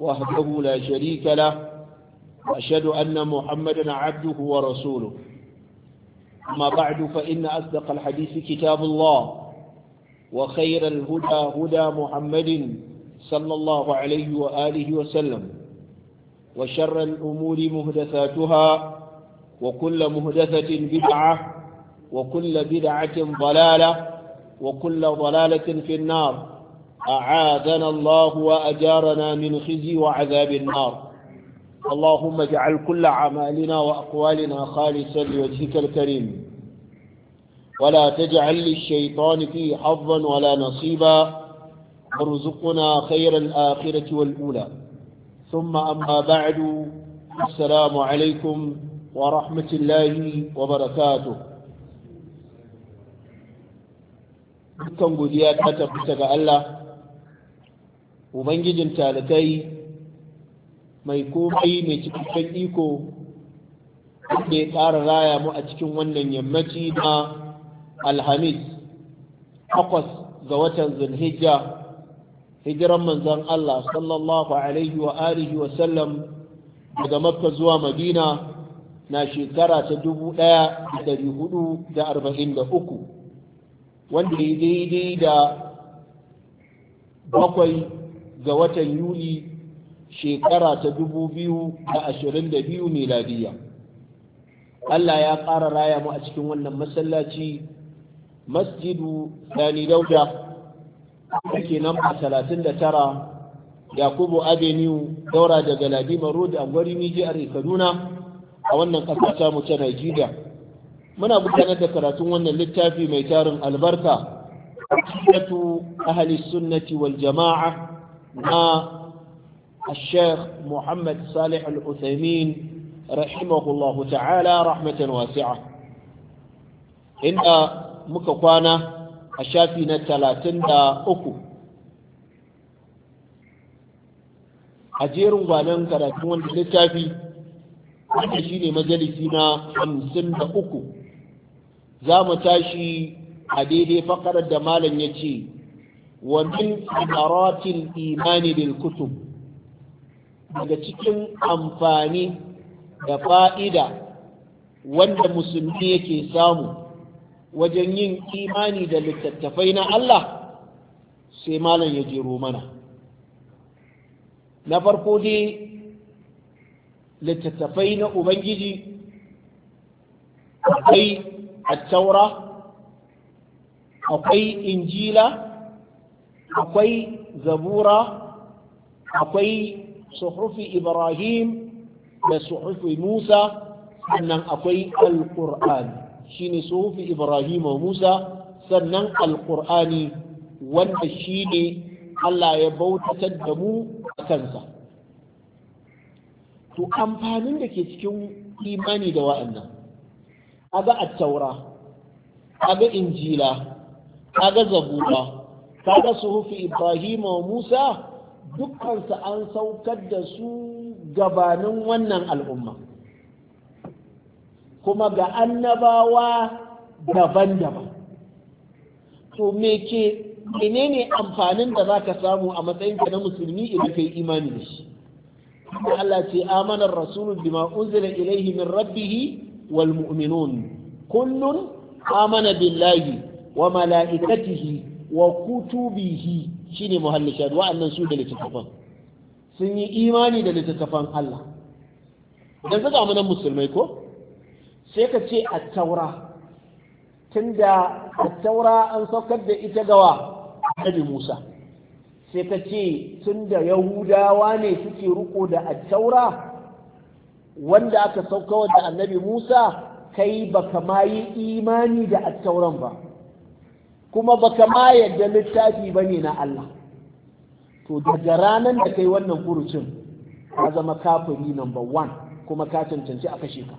وحده لا شريك له وأشهد أن محمدا عبده ورسوله أما بعد فإن أصدق الحديث كتاب الله وخير الهدى هدى محمد صلى الله عليه وآله وسلم وشر الأمور مهدثاتها وكل مهدثة بدعة وكل بدعة ضلالة وكل ضلالة في النار أعاذنا الله وأجارنا من خزي وعذاب النار اللهم اجعل كل عمالنا وأقوالنا خالصا لوجهك الكريم ولا تجعل للشيطان فيه حظا ولا نصيبا وارزقنا خير الآخرة والأولى ثم أما بعد السلام عليكم ورحمة الله وبركاته dukkan godiya ta tabbata ga Allah ubangijin talakai mai komai mai cikakken iko wanda ya tsara raya mu a cikin wannan yammaci na alhamis takwas ga watan zulhijja hijiran manzon Allah sallallahu alaihi wa alihi wa sallam daga makka zuwa madina na shekara ta dubu ɗaya da dari hudu da arba'in da uku wanda ya daidai da bakwai ga watan yuli shekara ta 2022 miladiya Allah ya ƙara raya mu a cikin wannan masallaci masjidu dani dauda da ke da tara yakubu avenue daura da galadima road a gwarin kaduna a wannan ƙasa mu ta najeriya muna gudanar da karatun wannan littafi mai tarin albarka aqidatu ahli sunnati wal jama'a na الشيخ محمد صالح العثيمين رحمه الله تعالى رحمة واسعة إن مكوانا الشافي نتلاتين دا أكو أجير غانان كراتون للتافي أجير مجلسنا خمسين دا أكو زام تاشي أديدي فقرة دمالا يتي ومن ثمرات الإيمان بالكتب daga cikin amfani da fa'ida wanda musulmi yake samu wajen yin imani da littattafai na Allah sai malam ya jero mana na farko dai littattafai na ubangiji akwai attaura akwai injila akwai zabura akwai suhufi ibrahim da suhufi musa sannan akwai alkur'ani shine suhufi ibrahim wa musa sannan alkur'ani wanda shine allah ya bautatar da mu a kansa to amfanin da ke cikin imani da wa'annan aga attaura aga injila aga zabura kaga suhufi ibrahim wa musa dukkansu an saukar da su gabanin wannan al'umma kuma ga annabawa daban-daban to me ke menene amfanin da za ka samu a matsayinka na musulmi idan ka yi imani da shi Allah ce amanar rasulu bima unzila ilaihi min rabbihi wal mu'minun kullun amana billahi wa mala'ikatihi wa kutubihi shine muhallin shahid wa'annan su da littattafan sun yi imani da littattafan Allah dan saka mu nan musulmai ko sai ka ce at-taura tunda at-taura an saukar da ita gawa nabi Musa sai ka ce tunda Yahudawa ne suke ruko da at-taura wanda aka sauka da Annabi Musa kai baka ma yi imani da at-tauran ba kuma baka ma yadda littafi ba ne na Allah to daga ranar da kai wannan furucin ka zama kafiri number one kuma ka cancanci a kashe ka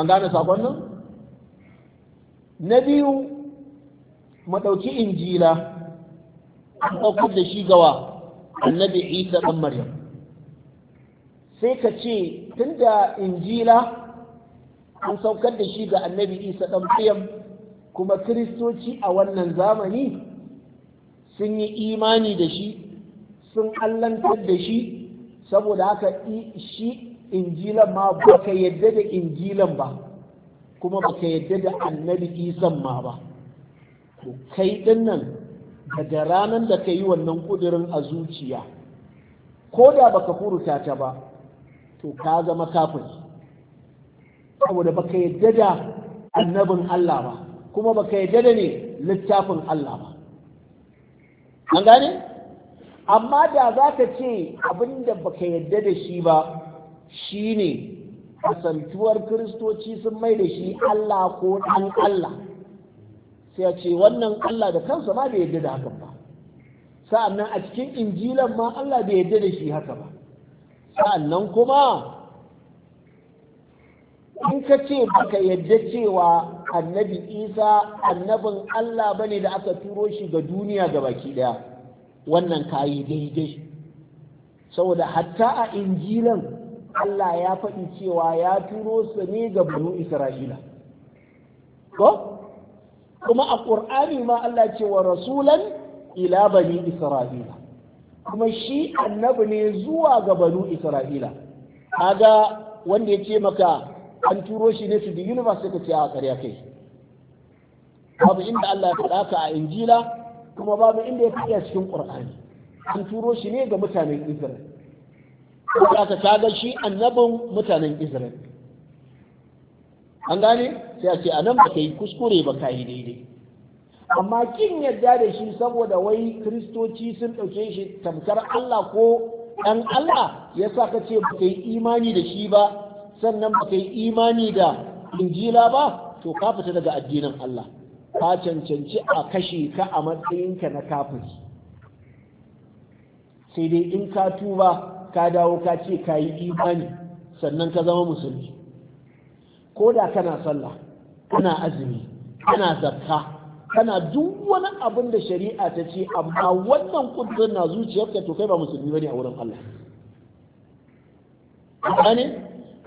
an gane sakon nan na biyu madauki injila an ɗaukar da shi gawa annabi isa ɗan maryam sai ka ce tun tunda injila an saukar da shi ga annabi isa ɗan maryam kuma kiristoci a wannan zamani sun yi imani da shi sun allantar da shi saboda haka shi injilan ma ba ka yadda da injilan ba kuma ba ka yadda da annabi Isa ma ba to kai ɗin nan daga ranar da ka yi wannan ƙudurin a zuciya ko da ba ka furuta ta ba to ka zama kafin saboda baka yadda da annabin Allah ba kuma baka yadda da ne littafin Allah ba an gane amma da za ka ce abinda baka yadda da shi ba shi ne kasantuwar kiristoci sun mai da shi Allah ko ɗan Allah sai a ce wannan Allah da kansa ma bai yadda da hakan ba sa'annan a cikin injilan ma Allah bai yadda da shi haka ba sa'annan kuma in ka ce baka yadda cewa annabi isa annabin allah bane da aka turo shi ga duniya ga baki daya wannan kayi daidai saboda hatta a injilan allah ya faɗi cewa ya turo su ne ga banu isra'ila ko kuma a ƙur'ani ma allah cewa rasulan ila bani isra'ila kuma shi annabi ne zuwa ga banu isra'ila kaga wanda ya ce maka an turo shi ne su di universe sai ka ce a ah, karya kai babu inda Allah ya faɗa ka a injila kuma babu inda ya faɗa cikin qur'ani an turo shi ne ga mutanen israel kuma ka kaga shi annabin mutanen israel an gane sai a ce a nan ba ka yi kuskure ba ka yi daidai amma kin yadda da shi saboda wai kristoci sun ɗauke shi tamkar Allah ko ɗan Allah ya sa ka ce ba ka yi imani da shi ba sannan ba kai imani da injila ba to ka fita daga addinin Allah ka cancanci a kashe ka a matsayinka na kafiri sai dai in ka tuba ka dawo ka ce ka yi imani sannan ka zama musulmi ko da kana sallah kana azumi kana zakka kana duk wani abin da shari'a ta ce amma wannan kudurin na zuciyarka to kai ba musulmi bane a wurin Allah ne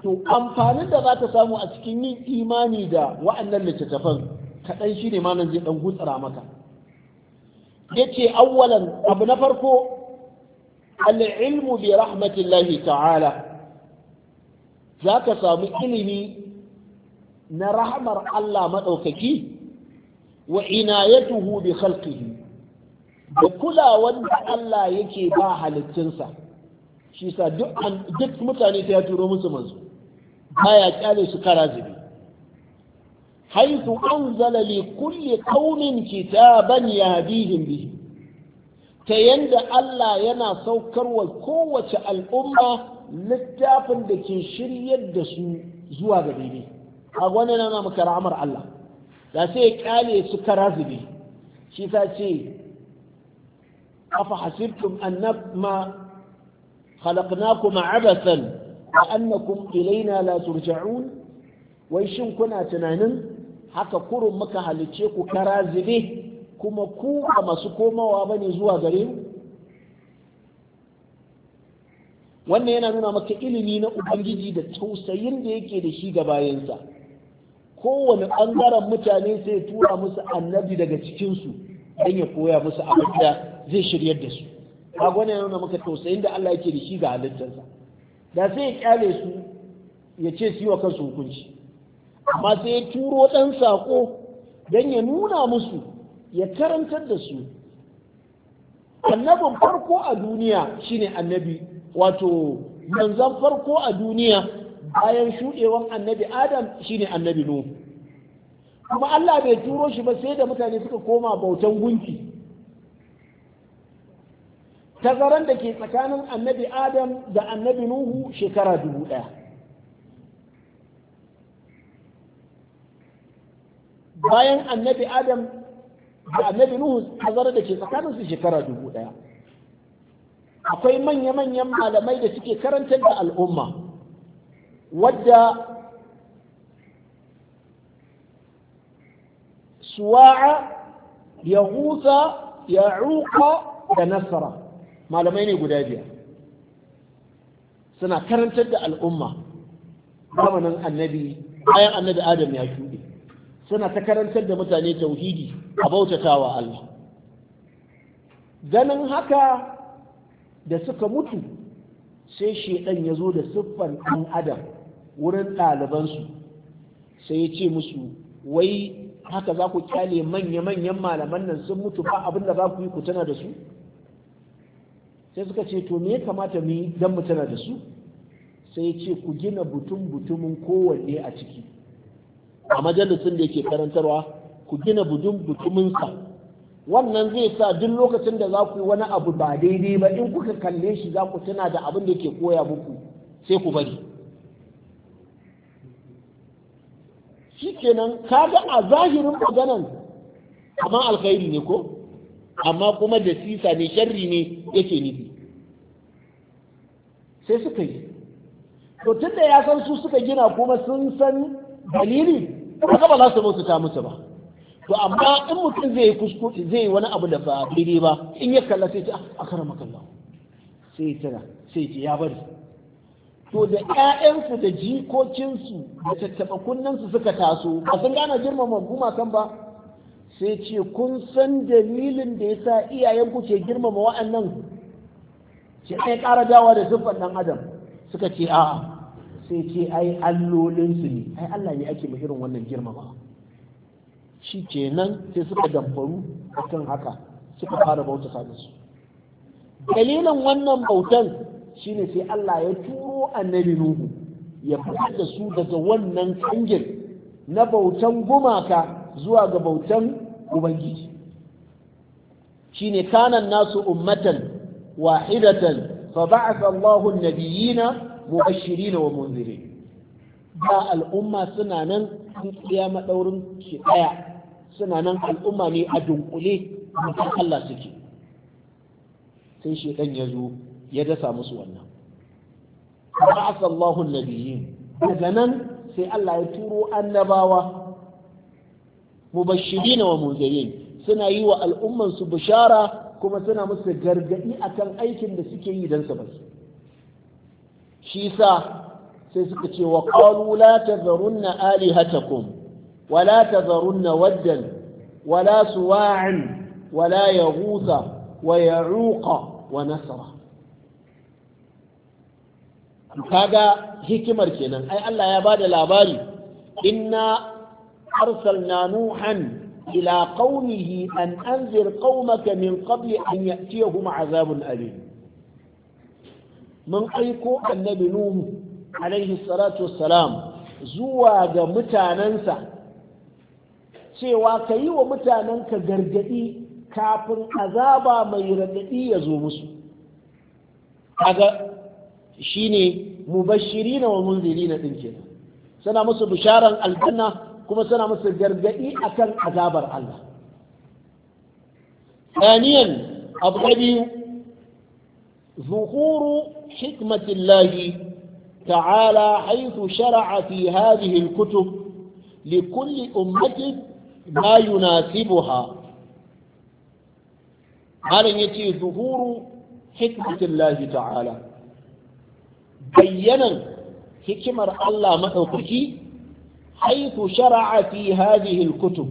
to amfanin da za ta samu a cikin yin imani da wa'annan littattafan kaɗan shi ne malam zai ɗan gutsara maka ya ce awwalan abu na farko al'ilmu bi rahmatillahi ta'ala za ka samu ilimi na rahmar Allah maɗaukaki wa inayatuhu bi khalqihi da kulawan da Allah yake ba halittinsa shi sa duk mutane ta ya turo musu manzo baya kyale su kara zubi haythu anzala li kulli qaumin kitaban yahdihim bihi ta yanda Allah yana saukarwa kowace al'umma littafin da ke shiryar da su zuwa ga daidai a wani nana maka ra'amar Allah da sai ya kyale su kara zube shi ta ce afa hasibtum annama khalaqnakum abathan a annakum ilaina la turja'un wai shin kuna tunanin haka kurun muka halice ku kara zube kuma ku ba masu komawa bane zuwa gare mu wannan yana nuna maka ilimi na ubangiji da tausayin da yake da shi ga bayansa kowane ɓangaren mutane sai tura musu annabi daga cikinsu don ya koya musu abin da zai shiryar da su kaga wannan yana nuna maka tausayin da Allah yake da shi ga halittarsa da sai ya kyale su ya ce su yi wa kansu hukunci amma sai ya turo ɗan saƙo don ya nuna musu ya karantar da su annabin farko a duniya shine annabi wato manzan farko a duniya bayan shuɗewan annabi adam shine annabi nuhu kuma Allah bai turo shi ba sai da mutane suka koma bautan gunki tazaran da ke tsakanin annabi adam da annabi nuhu shekara dubu ɗaya bayan annabi adam da annabi nuhu tazaran da ke tsakanin su shekara dubu akwai manya-manyan malamai da suke karantar da al'umma wadda suwa'a ya husa ya da nasara malamai ne guda biyar suna karantar da al'umma zamanin annabi bayan annabi adam ya shuɗe suna ta karantar da mutane tauhidi a bautatawa Allah ganin haka da suka mutu sai shedan ya zo da siffan ɗan adam wurin ɗalibansu sai ya ce musu wai haka za ku kyale manya-manyan malaman nan sun mutu ba abin da za ku yi ku tana da su sai suka ce to me ya kamata mu yi dan mu tana da su sai ya ce ku gina butun butumin kowanne a ciki a majalisin da yake karantarwa ku gina butun butuminsa wannan zai sa duk lokacin da za ku yi wani abu ba daidai ba in kuka kalle shi za ku tuna da abin da yake koya muku sai ku bari shikenan kaga a zahirin maganan amma alkhairi ne ko amma kuma da sisa ne sharri ne yake nufi sai suka yi to tun da ya san su suka gina kuma sun san dalili haka ba za su ta musu ba to amma in mutum zai yi kuskure zai yi wani abu da ba daidai ba in ya kalla sai ta a ah, kara makalla sai ya sai ce ya bari to da ƴaƴansu da jikokinsu da tattaɓa kunnensu suka taso ba sun gane girmama kan ba sai ce kun san dalilin da ya sa iyayenku ke girmama wa'annan ce ai ƙara dawa da siffar ɗan adam suka ce a'a sai ce ai allolinsu ne ai Allah ne ake irin wannan girmama shi nan sai suka damfaru a kan haka suka fara bauta su dalilin wannan bautan shine sai Allah ya turo annabi Nuhu ya fitar da su daga wannan kangin na bautan gumaka zuwa ga bautan ubangiji ne kanan nasu ummatan wahidatan fa ba'atha Allahu an-nabiyina mubashirin wa munzirin da al'umma suna nan an tsaya madaurin ki ɗaya. suna nan al'umma ne a dunkule mutan Allah suke sai shedan ya zo ya dasa musu wannan ba'atha Allahu an-nabiyyin daga nan sai Allah ya turo annabawa mubashirin wa munzirin suna yi wa al'ummansu bishara kuma suna musu gargadi akan aikin da suke yi dan su basu shi sa sai suka ce wa qalu la tazarunna alihatakum wa la tazarunna waddan wa la suwa'an wa la yaghutha wa ya'uqa wa nasra kaga hikimar kenan ai Allah ya bada labari inna أرسلنا نوحا إلى قومه أن أنذر قومك من قبل أن يأتيهم عذاب أليم من أيكو النبي نوح عليه الصلاة والسلام زواج متاننسا cewa ka yi wa mutanenka gargaɗi kafin azaba mai raɗaɗi ya zo musu kaga shine mubashirina wa na din kenan sana musu bisharan aljanna kuma suna musu gargadi akan azabar Allah. Daniyan abu zuhuru hikmatin lahi ta'ala haithu shara'a fi hadhihi al-kutub li kulli ummatin ma yunasibuha malam yake zuhuru hikmatin lahi ta'ala bayyana hikimar Allah madaukaki haifu shara'a fi hadhihi al-kutub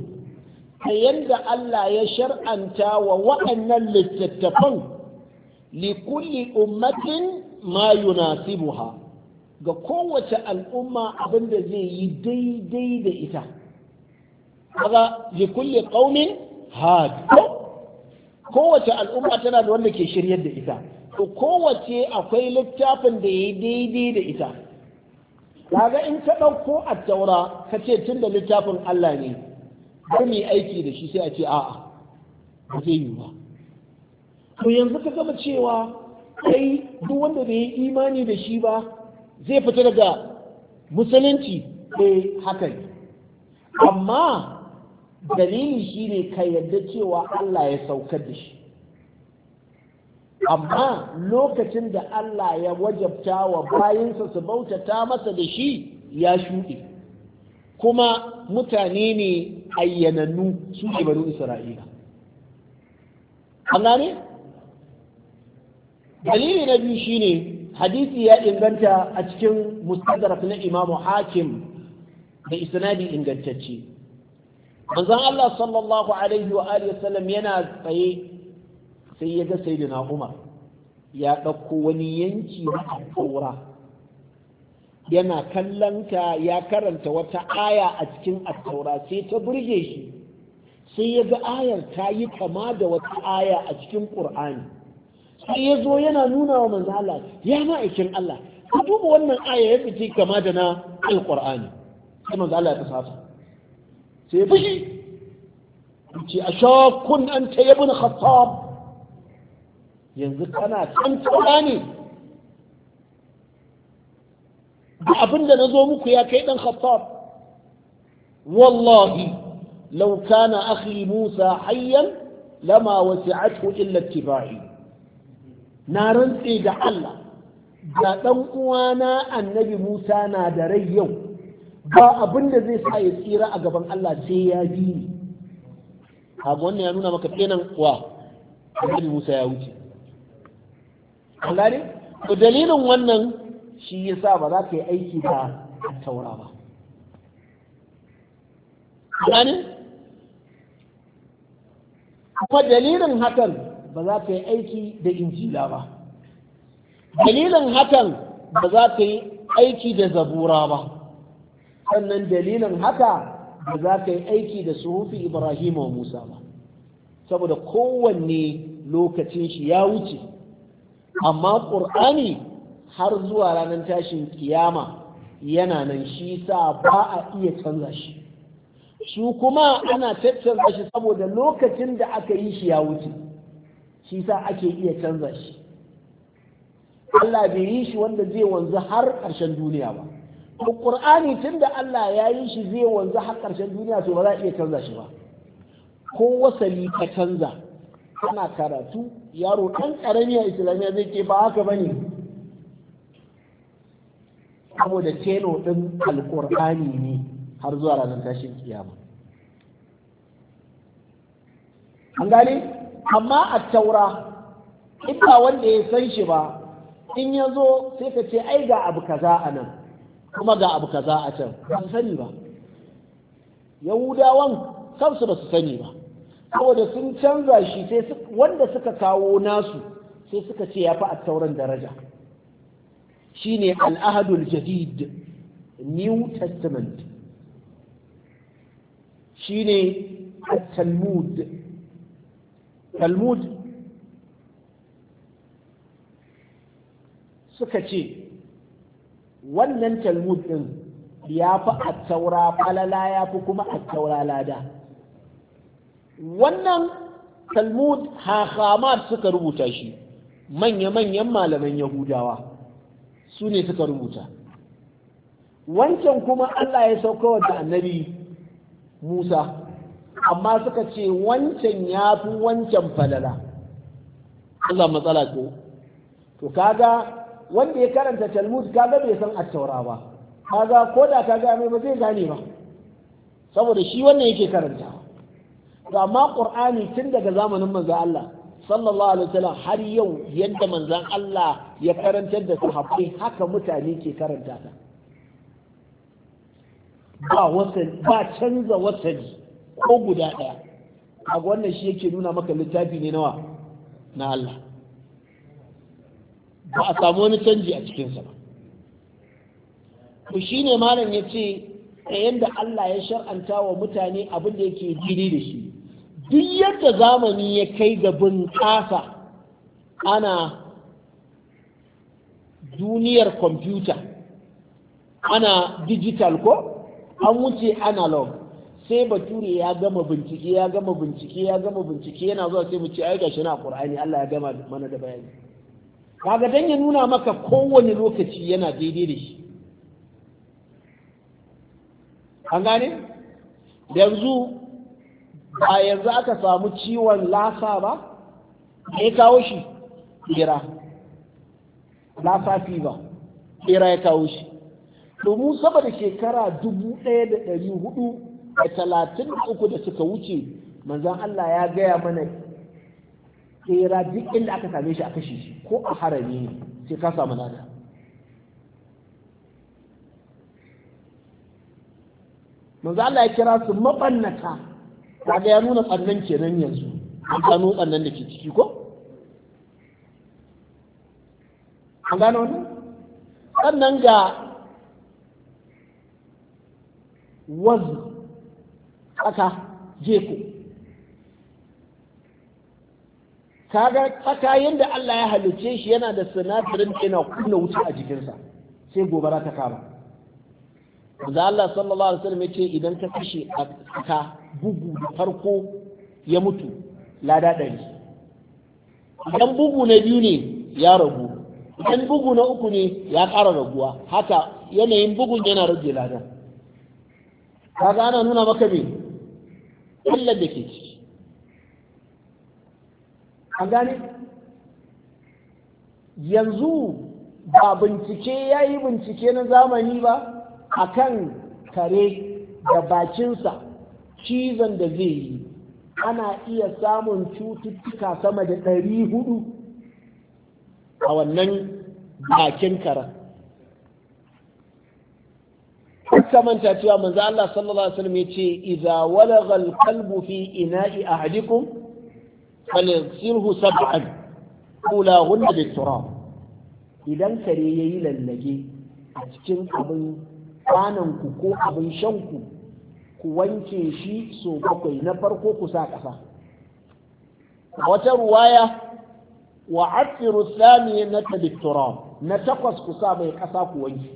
ta yanda Allah ya shar'anta wa waɗannan littattafan likulli ummatin ma yunasibuha ga kowace al'umma abin da zai yi daidai da ita kaga likulli qaumin had kowace al'umma tana da wanda ke shiryar da ita kowace akwai littafin da ya yi daidai da ita kaga in ka ɗauko a taura ka ce tun da littafin Allah ne bar mu aiki da shi sai a ce a'a ba zai yi ba to yanzu ka gama cewa kai duk wanda bai yi imani da shi ba zai fita daga musulunci E haka ne amma dalili shine ka yarda cewa Allah ya saukar da shi amma lokacin da Allah ya wajabta wa bayinsa su bautata masa da shi ya shuɗe kuma mutane ne ayyanannu su ne banu isra'ila an dalili na biyu shine hadisi ya inganta a cikin mustadrak na imamu hakim da isnadi ingantacce manzon Allah sallallahu alaihi wa alihi wasallam yana tsaye sai ya ga sayyidina Umar ya ɗauko wani yanki na taura yana kallonta ya karanta wata aya a cikin attaura sai ta burge shi sai ya ga ayar ta yi kama da wata aya a cikin ƙur'ani sai ya zo yana nuna wa manzo Allah ya ma'aikin Allah ka duba wannan aya ya fice kama da na alƙur'ani sai manzo Allah ya tsasa sai fushi ce ashakun anta ibn khattab yanzu kana can tsara ne da abin da na zo muku ya kai ɗan khattab wallahi lauka na أخي musa حيا لما وسعته إلا اتباعي نارن سيدة الله da ɗan uwana annabi Musa na da rai yau ba abin da zai sa ya tsira a gaban Allah sai ya bi ni wanda ya nuna maka kenan wa annabi Musa ya wuce an gane to dalilin wannan shi yasa ba za ka yi aiki da taura ba gane kuma dalilin hakan ba za ka yi aiki da injila ba dalilin hakan ba za ka yi aiki da zabura ba sannan dalilin haka ba za ka yi aiki da suhufi ibrahim wa musa ba saboda kowanne lokacin shi ya wuce amma ƙur'ani har zuwa ranar tashin kiyama yana nan shi sa ba a iya canza shi shi kuma ana canza shi saboda lokacin da aka yi shi ya wuce shi sa ake iya canza shi Allah bai yi shi wanda zai wanzu har ƙarshen duniya ba to Qur'ani tunda Allah ya yi shi zai wanzu har ƙarshen duniya to ba za a iya canza shi ba ko wasali ka canza kana karatu yaro ɗan ƙarami a islamiyya zai ke ba haka ba ne saboda keno ɗin alƙur'ani ne har zuwa ranar tashin kiyama an gane amma a taura in ba wanda ya san shi ba in ya zo sai ka ce ai ga abu kaza a nan kuma ga abu kaza a can ba su sani ba yahudawan kansu ba su sani ba saboda sun canza shi sai wanda suka kawo nasu sai suka ce ya fi a tauran daraja shi ne al'ahadul jadid new testament shi ne talmud talmud suka ce wannan talmud ɗin ya fi a taura falala ya fi kuma a taura lada wannan talmud hahamad suka rubuta shi manya-manyan malaman yahudawa su ne suka rubuta wancan kuma allah ya sauka da annabi musa amma suka ce wancan ya fi wancan falala allah matsala ko to kaga wanda ya karanta talmud kaga bai san attaura ba kaga ko da kaga mai ba zai gane ba saboda shi wannan yake karanta to amma qur'ani tun daga zamanin manzo Allah sallallahu alaihi wasallam har yau yadda manzon Allah ya karantar da sahabbai haka mutane ke karanta ta ba wasan ba canza wasani ko guda daya a wannan shi yake nuna maka littafi ne nawa na Allah ba a samu wani canji a cikinsa ba to shine malam ya ce da yadda Allah ya shar'anta wa mutane abin da yake jini da shi duk yadda zamani ya kai ga bunƙasa ana duniyar kwamfuta ana digital ko an wuce analog sai bature ya gama bincike ya gama bincike ya gama bincike yana zuwa sai mu ce ai na ƙur'ani, Allah ya gama mana da bayani kaga dan ya nuna maka kowane lokaci yana daidai da shi an gane yanzu a yanzu aka samu ciwon lasa ba ya kawo shi bira lasa ba bira ya kawo shi domin sama shekara dubu ɗaya da ɗari 1433 da talatin uku da suka wuce manzan Allah ya gaya mana tsera duk inda aka same shi a kashe shi ko a harami ne sai ka samu lada Manzan Allah ya kira su mabannata kaga ya nuna tsannan kenan yanzu an gano tsannan da ke ciki ko an gano ne sannan ga wazi tsaka jeko kaga tsaka yadda Allah ya halicce shi yana da sinadarin yana kunna wuta a jikinsa sai gobara ta kama da Allah sallallahu alaihi wasallam yace idan ka kashe ka bugu da farko ya mutu lada ɗari idan bugu na biyu ne ya ragu idan bugu na uku ne ya ƙara raguwa haka yanayin bugun yana rage lada kaga ana nuna maka me illa da ke ciki an gane yanzu ba bincike ya yi bincike na zamani ba akan kare da bakinsa cizon da zai yi ana iya samun cututtuka sama da ɗari hudu a wannan bakin karen kamanta cewa manzo Allah sallallahu alaihi wasallam yace idza walagha alqalbu fi ina'i ahadikum falyaghsilhu sab'an qula hunna bi turab idan kare yayi lallage a cikin abin kwananku ko abin shanku ku wanke shi so bakwai na farko ku sa ƙasa a wata ruwaya wa asiru sami na talikturam na takwas ku sa mai ƙasa ku wanke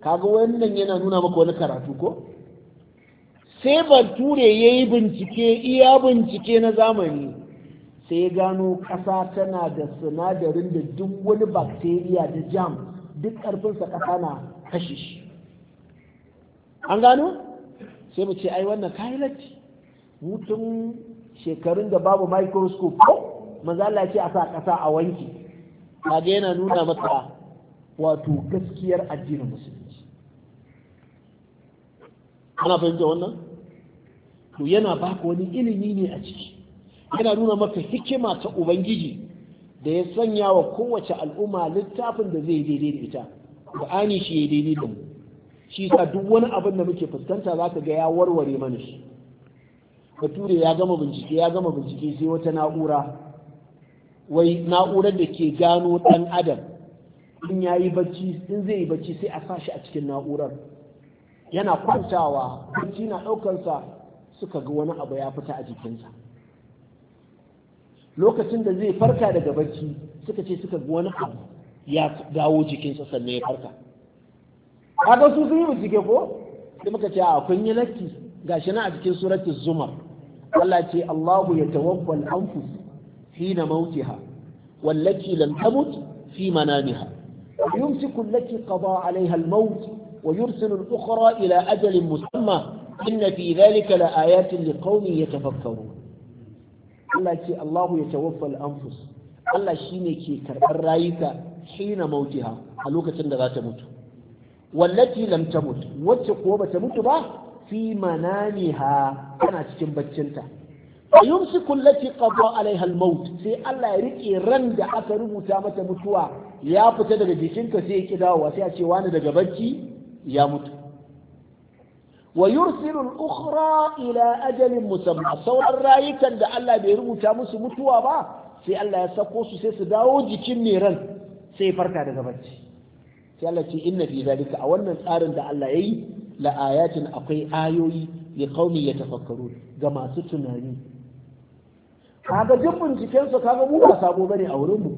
kaga wannan yana nuna maka wani karatu ko sai bature ya yi bincike iya bincike na zamani sai ya gano ƙasa tana da sinadarin da duk wani bakteriya da jam duk ƙarfinsa ƙasa na kashe shi an gano sai mu ce ai wannan kayi latti mutum shekarun da babu microscope ko maza Allah ce a sa ƙasa a wanke kaga yana nuna maka wato gaskiyar addinin musulunci ana fahimta wannan to yana baka wani ilimi ne a ciki yana nuna maka hikima ta ubangiji da ya sanya wa kowace al'umma littafin da zai daidai da ita Ƙur'ani shi ya daidai da mu shi sa duk wani abin da muke fuskanta za zaka ga ya warware mana shi bature ya gama bincike ya gama bincike sai wata na'ura wai na'urar da ke gano ɗan adam in ya yi bacci in zai yi bacci sai a sa shi a cikin na'urar yana kwantawa bacci na ɗaukarsa suka ga wani abu ya fita a jikinsa lokacin da zai farka daga bacci suka ce suka ga wani abu ya dawo jikinsa sannan ya farka kaga su sun yi bincike ko sai muka ce a kun yi lakki gashi a cikin surat zumar Allah ce Allahu ya tawaffal anfus fi na mautiha wallaki lan tamut fi manamiha yumsiku allati qada alaiha almaut wa yursilu al-ukhra ila ajalin musamma inna fi dhalika la ayatin liqaumin yatafakkarun Allah ce Allahu ya tawaffal anfus Allah shine ke karɓar rayuka hina mautiha a lokacin da za ta mutu wallati lam tamut wacce ko bata mutu ba fi manamiha tana cikin baccinta yumsiku allati qada alaiha almaut sai Allah ya rike ran da aka rubuta mata mutuwa ya fita daga jikinka sai ya kidawa sai a ce wani daga bacci ya mutu wa yursilu al-ukhra ila ajalin musamma sauran rayukan da Allah bai rubuta musu mutuwa ba sai Allah ya sako su sai su dawo jikin mai ran sai farka daga bacci sai Allah ce inna fi zalika a wannan tsarin da Allah yayi la ayatin akwai ayoyi li qaumi yatafakkaru ga masu tunani kaga duk binciken su kaga mu ba sabo bane a wurin mu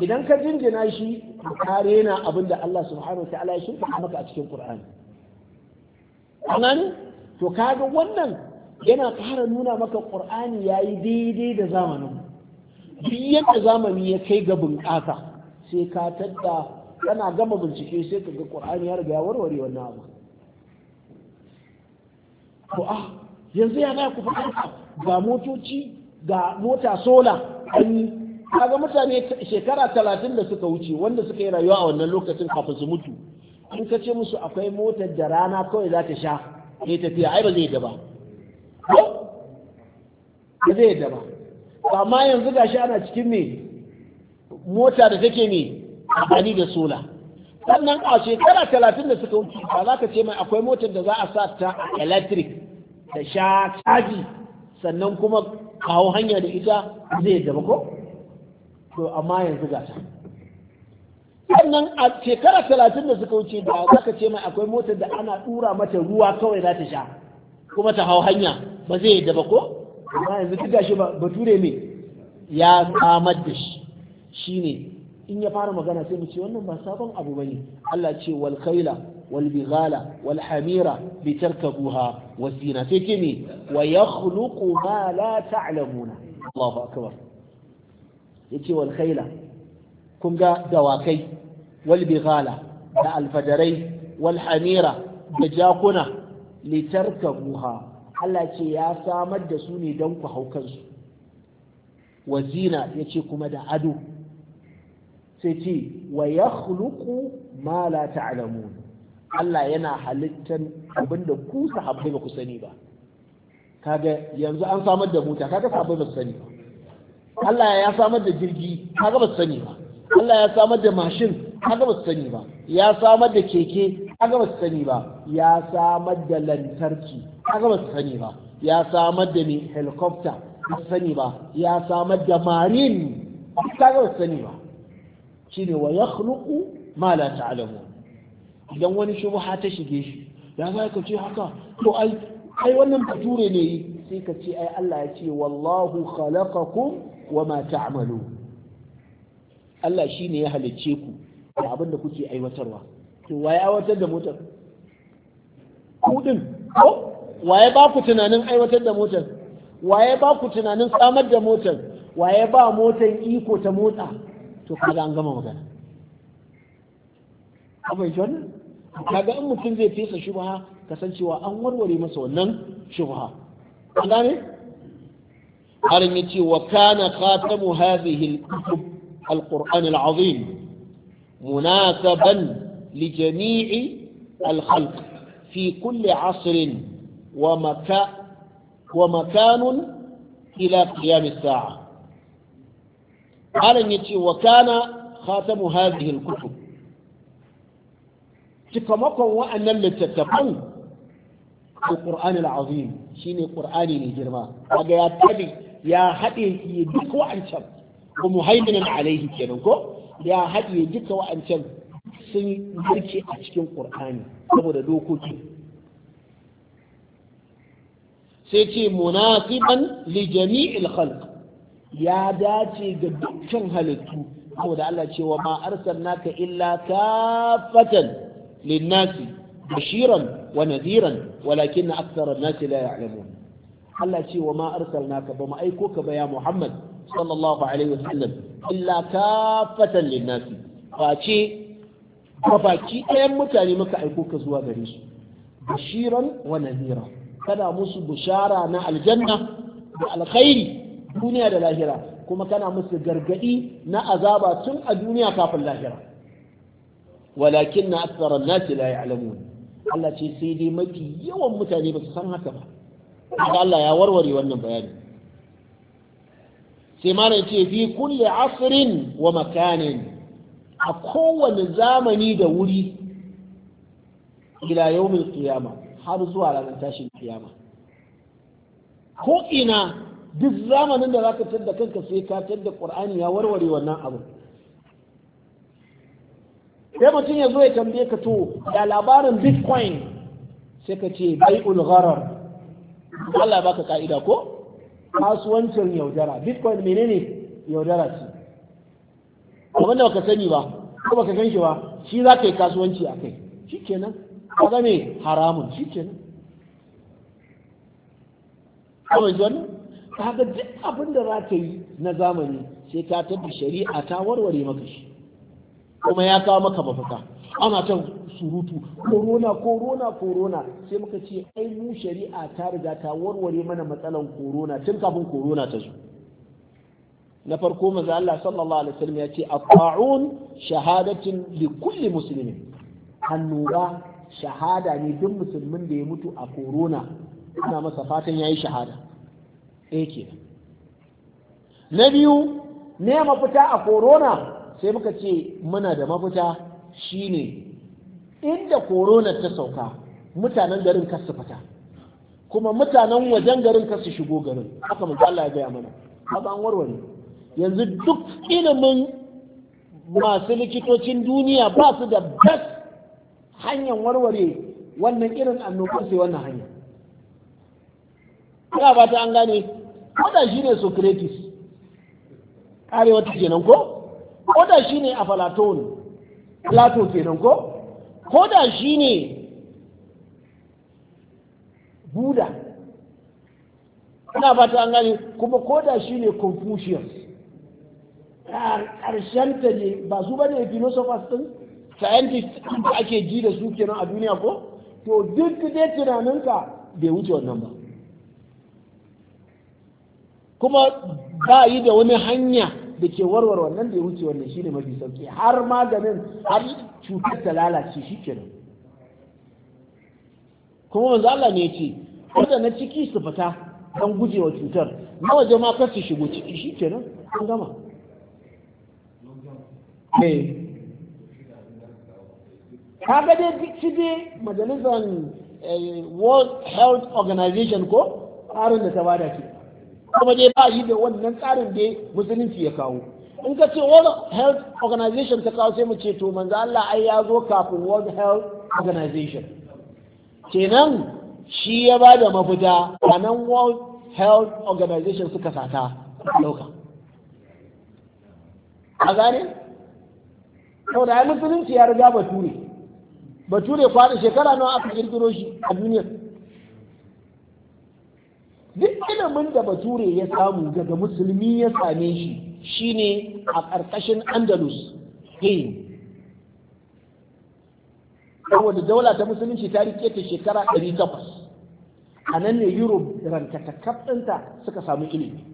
idan ka jinjina shi ka rena abinda da Allah subhanahu wataala ya shirka maka a cikin Qur'ani to kaga wannan yana ƙara nuna maka Qur'ani yayi daidai da zamanin mu duk yadda zamani ya kai ga bunƙasa sai ka tadda kana gama bincike sai ka ga ƙur'ani ya riga ya warware wannan abu ko ah yanzu ya na ku faɗa ga motoci ga mota sola an kaga mutane shekara talatin da suka wuce wanda suka yi rayuwa a wannan lokacin kafin su mutu in ka ce musu akwai motar da rana kawai za ta sha ne tafiya ai ba zai da ba ba zai yi da ba amma yanzu gashi ana cikin me mota da take me amfani da sola sannan a shekara talatin da suka wuce ba za ka ce mai akwai motar da za a sa ta electric da sha caji sannan kuma kawo hanya da ita zai gaba ko to amma yanzu ta sannan a shekara talatin da suka wuce ba za ka ce mai akwai motar da ana dura mata ruwa kawai za ta sha kuma ta hau hanya ba zai yadda ba ko amma yanzu duk gashi bature me ya samar da shi shine in ya fara magana sai mu ce wannan ba sabon abu bane Allah ce wal khayla wal bighala wal hamira bi tarkabuha wasina sai ce me wa yakhluqu ma la ta'lamuna Allahu akbar yace wal khayla kun ga dawakai wal bighala da alfadarai wal hamira da jakuna litarkabuha Allah ce ya samar da su ne don ku hau kansu wazina ya ce kuma da ado sai ce wa ya ma la ta'lamun Allah yana halittar abinda ku sahabbai ba ku sani ba kaga yanzu an samar da mota kaga sahabbai ba su sani ba Allah ya samar da jirgi kaga ba su sani ba Allah ya samar da mashin kaga ba su sani ba ya samar da keke kaga ba su sani ba ya samar da lantarki kaga gaba su sani ba ya samar da ne helicopter ba su sani ba ya samar da marine kaga gaba su sani ba shine wa yakhluqu ma la ta'lamu idan wani shubha ta shige shi ya za ka ce haka to ai ai wannan bature ne sai ka ce ai Allah ya ce wallahu khalaqakum wa ma ta'malu Allah shine ya halicce ku da abin da kuke aiwatarwa to waye aiwatar da motar kudin ko Wa ya ba ku tunanin aiwatar da motar Wa ya ba ku tunanin samar da motar Wa ya ba motar iko ta motsa to kaga an gama magana abin Ka kaga in mutum zai fesa shubha kasancewa an warware masa wannan shubha an gane har ce, wa kana khatamu hadhihi al al-qur'an al-azim munasaban لجميع الخلق في كل عصر ومكا ومكان إلى قيام الساعة قال النتي وكان خاتم هذه الكتب تكمكم وأن لتتقن القرآن العظيم شيني قرآني لجرما وقال يا تبي يا هدي يدك وأنشم ومهيمن عليه كنوكو يا هدي يدك وأنشم sun yarke a cikin ƙur'ani saboda dokoki sai ce munafiban li jami'il khalq ya dace ga dukkan halittu saboda Allah ce wa ma arsalnaka illa kafatan linnasi bashiran wa nadiran walakin aktharan nasi la ya'lamun Allah ce wa ma arsalnaka ba mu aiko ka ba ya Muhammad sallallahu alaihi wasallam illa kafatan linnasi face ga baki ɗayan mutane muka aiko ka zuwa gare su bashiran wa nadhira kana musu bushara na aljanna da alkhairi duniya da lahira kuma kana musu gargadi na azaba tun a duniya kafin lahira walakin na aksara nasi la ya'lamun Allah ce sai dai mafi yawan mutane ba su san haka ba Allah ya warware wannan bayani sai ma ce fi kulli asrin wa makanin a kowane zamani da wuri ila mai kiyama, har zuwa ranar tashin kiyama ko ina duk zamanin da zaka tadda kanka sai ka tadda qur'ani ya warware wannan abu sai mutum ya zo ya tambaye ka to da labarin bitcoin sai ka ce bai gharar Allah baka ka'ida ko kasuwancin yaudara bitcoin menene yaudara ce abin da baka sani ba ko baka san shi ba shi za ka yi kasuwanci a kai shi kenan ka zame haramun shi kenan kawai wani. ka ga duk abin da za ka yi na zamani sai ka tafi shari'a ta warware maka shi kuma ya kawo maka mafaka ana can surutu korona korona korona sai muka ce ai mu shari'a ta riga ta warware mana matsalan korona tun kafin korona ta zo na farko manzo Allah sallallahu alaihi wasallam ya ce at-ta'un shahadatin li kulli muslimin annura shahada ne duk musulmin da ya mutu a korona. ana masa fatan yi shahada eh ke. na biyu ne mafita a korona? sai muka ce muna da mafita shine inda korona ta sauka mutanen garin kar su fita kuma mutanen wajen garin kar su shigo garin haka manzo Allah ya gaya mana haka an warware yanzu duk ilimin masu likitocin duniya ba su da best hanyar warware wannan irin annobar sai wannan hanya ya ba ta an gane wadda shi ne socrates kare wata kenan ko wadda shi ne a platon plato kenan ko koda shi ne buda ina ba ta an gane kuma koda shi ne confucius ƙarshen ta ne ba su bane filosofas din scientist da ake ji da su kenan a duniya ko to duk dai tunaninka bai wuce wannan ba kuma ba yi da wani hanya da ke warwar wannan da wuce wannan ne mafi sauki har maganin har cutar ta lalace shi kenan kuma wanzu Allah ne ce wanda na ciki su fita don gujewa cutar na waje ma kar su shigo ciki shi kenan an gama Ka eh. kaga dai duk shi dai majalisar eh, world health organization ko tsarin da ta bada ke kuma dai ba yi da wannan tsarin dai musulunci ya kawo in ka ce world health organization ta kawo sai mu ce to manzo Allah ai ya zo kafin world health organization kenan shi ya ba da mafita a nan world health organization suka sata ɗauka a gane sau da ya musulunci ya riga bature bature kwanan shekara nawa aka kirkiro shi a duniya duk ilimin da bature ya samu daga musulmi ya same shi shine a ƙarƙashin andalus spain saboda daula ta musulunci ta rike ta shekara 800 a nan ne europe da kafinta suka samu ilimi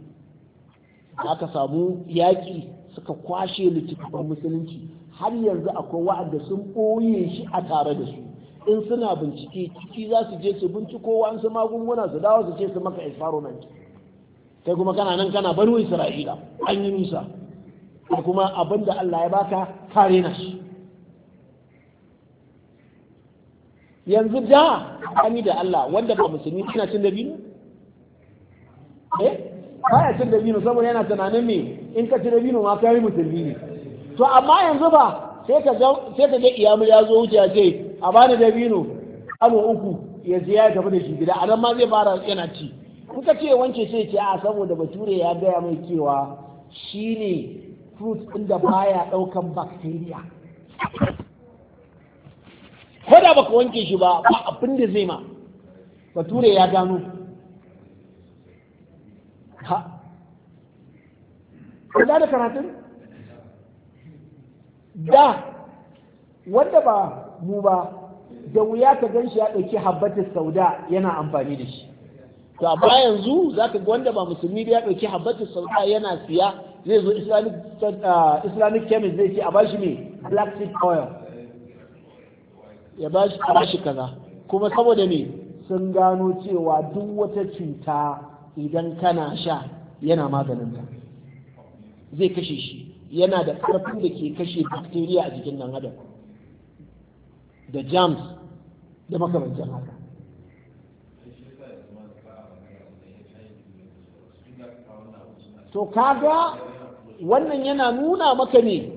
aka samu yaƙi suka kwashe littattafan musulunci har yanzu akwai wa'adda sun ɓoye shi a tare da su in suna bincike ciki za su je su binciko su magunguna su dawo su ce su maka experiment kai kuma kana nan kana banu isra'ila an yi nisa da kuma abin da allah ya baka kare na shi yanzu da kami da allah wanda ba musulmi suna cin dabino eh ya cin dabino saboda yana tunanin me in ka ci dabino ma kai musulmi ne to amma yanzu ba sai ka ga iyamur ya zo wuce ya ce a bani dabino alo uku ya je ya tafi da shi gida a nan ma zai fara yana ci kuka ce wance sai ce a saboda bature ya gaya mai cewa ne fruit ɗin da baya ɗaukan bacteria ko da baka wanke shi ba ba abin da zai ma bature ya gano ha da karatun da wanda ba mu ba da wuya ka gan shi ya ɗauki habbatus sauda yana amfani da shi to a ba yanzu zaka ga wanda ba musulmi ba ya ɗauki habbatus sauda yana siya zai zo islamic uh, chemist zai ce a bashi ne black seed oil ya bashi a kaza kuma saboda me sun gano cewa duk wata cuta idan kana sha yana maganin ta zai kashe shi yana da ƙarfin da ke kashe bacteria a jikin nan adam da germs da makamancin haka to kaga wannan yana nuna maka ne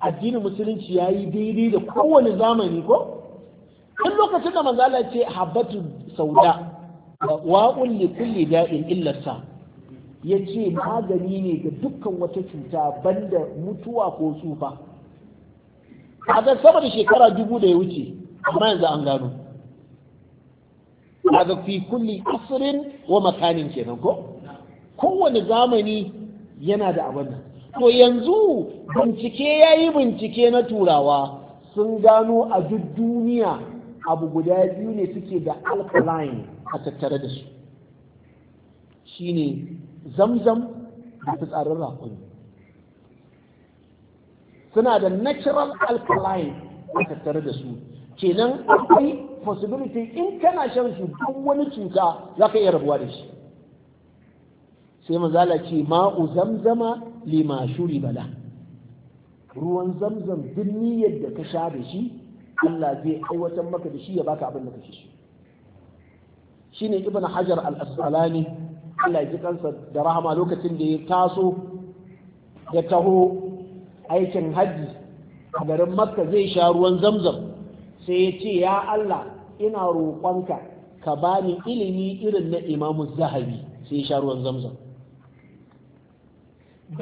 addinin musulunci ya yi daidai da kowane zamani ko tun lokacin da manzala ce habbatu sauda wa'un li kulli da'in illarsa ya ce magani ne ga dukkan wata cuta banda mutuwa ko tsufa A ga sama da shekara dubu da ya wuce amma yanzu an gano A ga fi kulli asirin wa makanin kenan ko kowane zamani yana da abin nan to yanzu bincike ya yi bincike na turawa sun gano a duk duniya abu guda biyu ne suke da alkaline a tattare da su shine zamzam da fitsarin raƙumi suna da natural alkaline a tattare da su kenan akwai possibility in kana shan shi duk wani cuta za ka iya rabuwa da shi sai mazala ce ma'u zamzama lima shuri bala ruwan zamzam duk niyyar da ka sha da shi Allah zai aiwatar maka da shi ya baka abin da kake so shine ibn hajar al-asqalani Allah ya ji kansa da rahama lokacin da ya taso ya taho aikin hajji a garin makka zai sha ruwan zamzam sai ya ce ya Allah ina roƙonka ka bani ilimi irin na imamu zahabi sai ya sha ruwan zamzam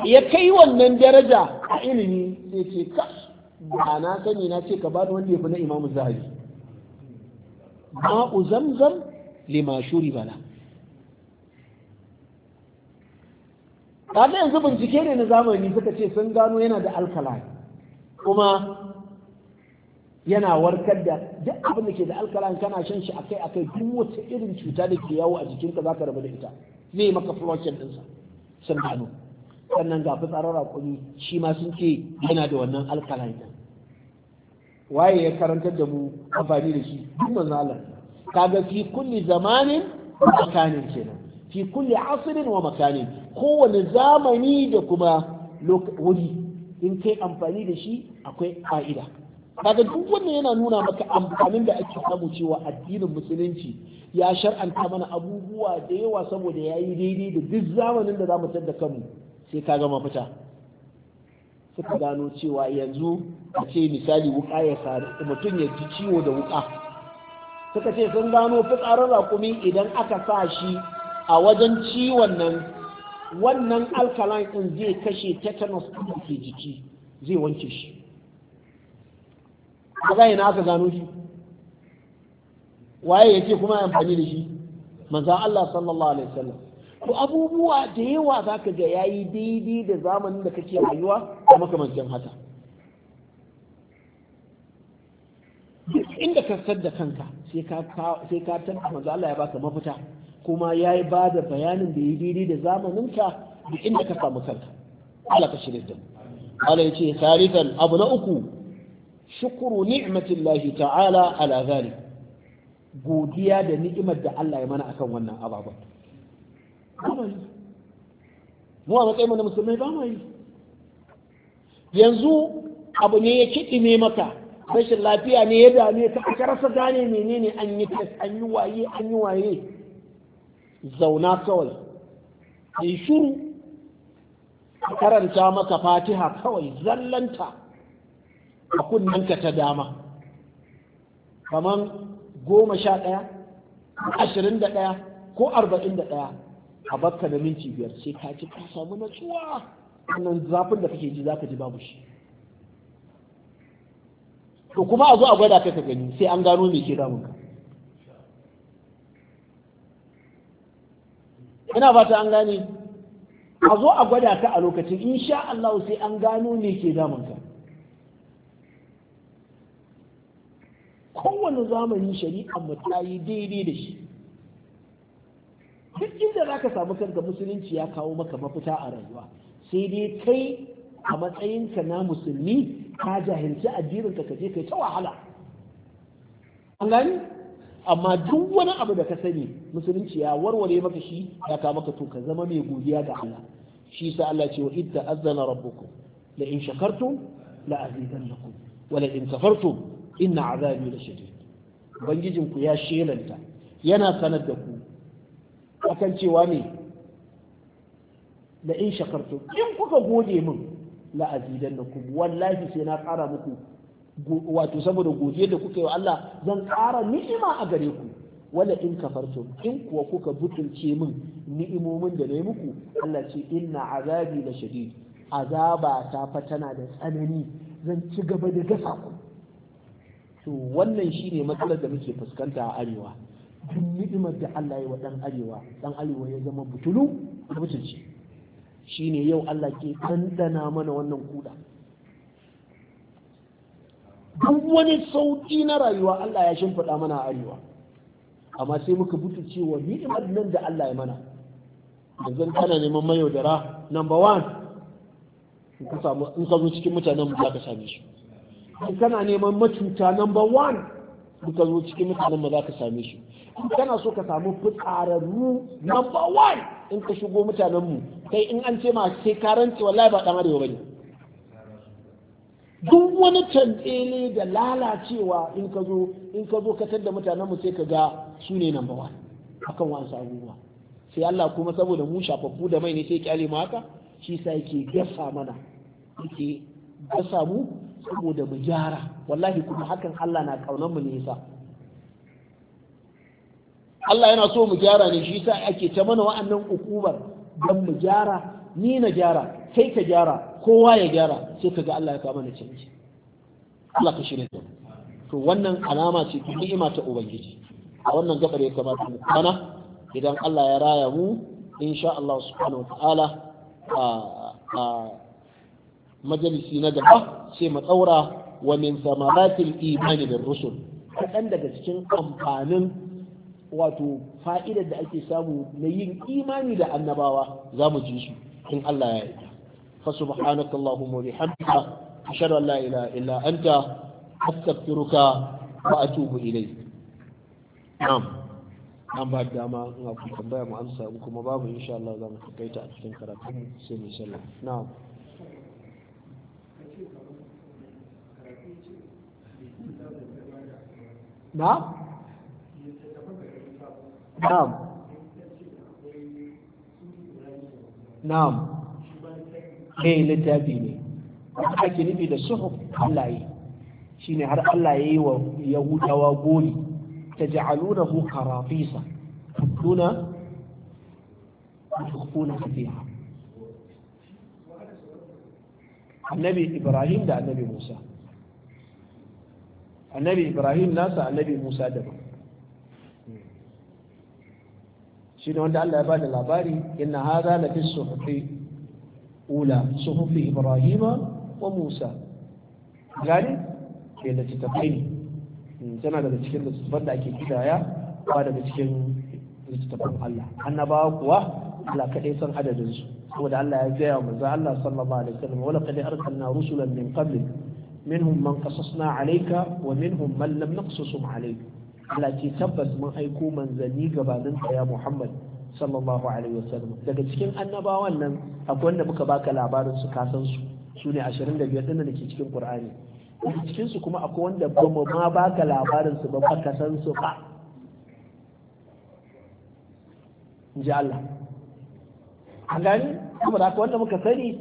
ya kai wannan daraja a ilimi sai ce ka ba na sani na ce ka bani wanda ya fi na imamu zahabi ma'u zamzam lima shuri bala kaga yanzu bincike ne na zamani suka ce sun gano yana da alkaline kuma yana warkar da duk abin da ke da alkaline kana shan shi akai akai duk wata irin cuta da ke yawo a jikinka zaka rabu da ita zai maka flushing ɗinsa sun gano sannan ga fitsarar rakumi shi ma sun ce yana da wannan alkalai. ɗin waye ya karantar da mu amfani da shi duk manzala kaga fi kulli zamanin makanin kenan fi kulli asrin wa makanin kowane zamani da kuma wuri in kai amfani da shi akwai fa'ida. kaga duk wannan yana nuna maka amfanin da ake samu cewa addinin musulunci ya shar'anta mana abubuwa da yawa saboda ya yi daidai da duk zamanin da za mu da kanmu sai ka gama fita suka gano cewa yanzu a ce misali wuka ya sari mutum ya ji ciwo da wuƙa. suka ce sun gano fitsarin raƙumi idan aka sa shi a wajen ciwon nan wannan alkaline ɗin zai kashe tetanus da ke jiki zai wanke shi a zai na aka gano shi waye ya ce kuma amfani da shi manzan Allah sallallahu alaihi wasallam ko abubuwa da yawa za ka ga ya yi daidai da zamanin da kake rayuwa a makamancin haka inda ka sadda kanka sai ka sai ka Allah ya baka mafita kuma ya yi ba da bayanin da ya daidai da zamaninka da inda ka samu kanka Allah ka shirya da Allah ya ce tarikan abu na uku shukuru ni'matillahi ta'ala ala zalik godiya da ni'imar da Allah ya mana akan wannan ababen mu a matsayin na musulmai ba ma yi yanzu abu ne ya kiɗime maka rashin lafiya ne ya dame ta aka rasa gane menene an yi test an yi waye an yi waye zauna kawai yi shuru karanta maka fatiha kawai zallanta a kunnanka ta dama kaman goma sha ɗaya ashirin da ɗaya ko arba'in da ɗaya a bakka da minti biyar sai ka ji ka samu natsuwa wannan zafin da kake ji za ka ji babu shi to kuma a zo a gwada kai ka gani sai an gano me ke damunka ina fata an gane a zo a gwada ka a lokacin in sha Allah sai an gano ne ke ka. kowane zamani shari'a mu ta yi daidai da shi duk inda za ka samu kanka musulunci ya kawo maka mafita a rayuwa sai dai kai a matsayinka na musulmi ka jahilci addininka ka je kai ta wahala an gani amma duk wani abu da ka sani musulunci ya warware maka shi ya ka maka to ka zama mai godiya ga Allah shi sa Allah ce wa idda azzana rabbukum la in shakartum la azidannakum wa la in kafartum inna azabi la shadid ku ya shelanta yana sanar da ku akan cewa ne la in shakartum in kuka gode min la azidannakum wallahi sai na ƙara muku wato saboda godiya da kuka yi wa Allah zan ƙara ni'ima a gare ku wala in kafartum in kuwa kuka butulce min ni'imomin da na muku Allah ce inna azabi la shadid azaba ta fa tana da tsanani zan ci gaba da gasa ku to wannan shine matsalar da muke fuskanta a arewa duk ni'imar da Allah ya wa dan arewa dan arewa ya zama butulu butulci shine yau Allah ke tantana mana wannan kuda duk wani sauƙi na rayuwa Allah ya shimfiɗa mana a arewa amma sai muka butu cewa ni'imar nan da Allah ya mana yanzu kana neman mayaudara number one in ka samu in ka zo cikin mutanen mu za ka same shi in kana neman matuta number one in ka zo cikin mutanen mu za ka same shi in kana so ka samu fitsararru number one in ka shigo mutanen mu kai in an ce ma sai ka wallahi ba dan arewa bane duk wani tantsele da lalacewa in ka zo in ka zo katar da mutanen mu sai ka ga su ne number one akan wasu abubuwa sai Allah kuma saboda mu shafaffu da mai ne sai kyale mu haka shi sa yake gasa mana yake gasa mu saboda mu gyara wallahi kuma hakan Allah na kaunar mu ne sa Allah yana so mu gyara ne shi sa ake ta mana wa'annan ukubar dan mu gyara ni na gyara kai ka gyara kowa ya gyara sai ka ga Allah ya kama mana canji Allah ka shirya to wannan alama ce ta ni'ima ta ubangiji a wannan gabar ya kamata mu kana idan Allah ya raya mu insha Allah subhanahu wataala a a majalisi na gaba sai mu daura wa min samaratil imani da rusul kadan daga cikin amfanin wato fa'idar da ake samu na yin imani da annabawa za mu ji su حين ألا يأتي فسبحانك اللهم وبحمدك أشهد أن لا إله إلا أنت أستغفرك وأتوب إليك نعم نعم بعد دعما نعم بعد ما أنسى أبوكم أبابا إن شاء الله دعما تكيت أتفين كراتكم نعم. سيدي سلام نعم نعم نعم نعم خيل إيه، تابيني أكيد في الصحف الله إيه. شيني هذا الله يو إيه، يهود وابول تجعلونه خرافيسا تكون تخفون فيها النبي إبراهيم ده النبي موسى النبي إبراهيم ناسا النبي موسى دبر shi ne wanda Allah ya bada labari inna hadha la fi suhufi ula suhufi ibrahima wa musa gani ke da littattafai hmm, tana daga cikin littattafan da ake kidaya ba daga cikin littattafan Allah annabawa kuwa Allah kaɗai san adadin su saboda Allah ya gaya wa manzo Allah sallallahu alaihi wasallam wala qad arsalna rusulan min qablik minhum man qasasna alayka wa minhum man lam naqsusum alayka Allah ce tabbas mun aiko manzanni gabanin ya Muhammad sallallahu alaihi wasallam daga cikin annabawan nan akwai wanda muka baka labarin su ka san su su ne 25 din da ke cikin Qur'ani cikin su kuma akwai wanda ba mu ma baka labarin su ba baka san su ba inji Allah an gani kuma da wanda muka sani